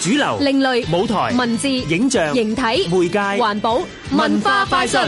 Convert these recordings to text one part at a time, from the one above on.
主流、另類、舞台、文字、影像、形體、媒介、環保、文化、快訊。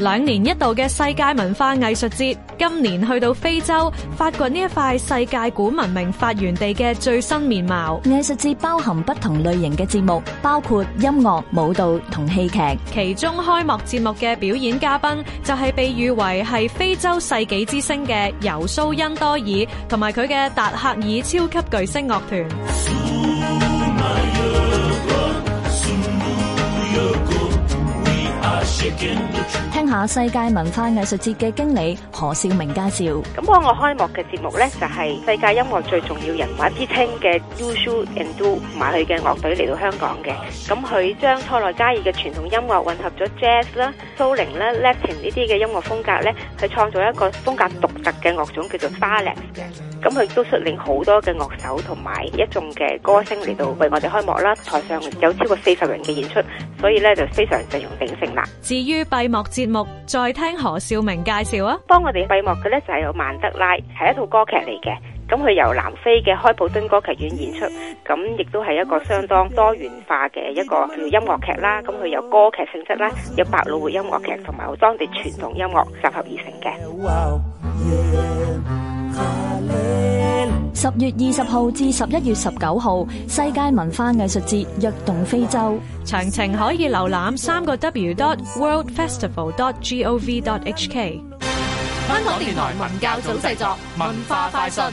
兩年一度嘅世界文化藝術節，今年去到非洲，發掘呢一塊世界古文明發源地嘅最新面貌。藝術節包含不同類型嘅節目，包括音樂、舞蹈同戲劇。其中開幕節目嘅表演嘉賓就係被譽為係非洲世紀之星嘅尤蘇恩多爾，同埋佢嘅達克爾超級巨星樂團。聽下世界文化藝術節嘅經理何兆明介紹。咁幫我開幕嘅節目呢，就係世界音樂最重要人物之稱嘅 Youssou N'Dour 埋佢嘅樂隊嚟到香港嘅。咁佢將塞內加爾嘅傳統音樂混合咗 Jazz 啦、Soul 啦、Latin 呢啲嘅音樂風格呢，去創造一個風格獨特嘅樂種叫做 Mbalax 嘅。咁佢都率領好多嘅樂手同埋一眾嘅歌星嚟到為我哋開幕啦。台上有超過四十人嘅演出，所以呢就非常陣容成立。至於閉幕節目，再聽何少明介紹啊！幫我哋閉幕嘅咧就係有曼德拉，係一套歌劇嚟嘅。咁佢由南非嘅開普敦歌劇院演出，咁亦都係一個相當多元化嘅一個叫音樂劇啦。咁佢有歌劇性質啦，有百老匯音樂劇同埋我當地傳統音樂集合而成嘅。十月二十號至十一月十九號，世界文化藝術節躍動非洲，詳情可以瀏覽三個 w dot world festival dot g o v dot h k。香港電台文教組製作，文化快訊。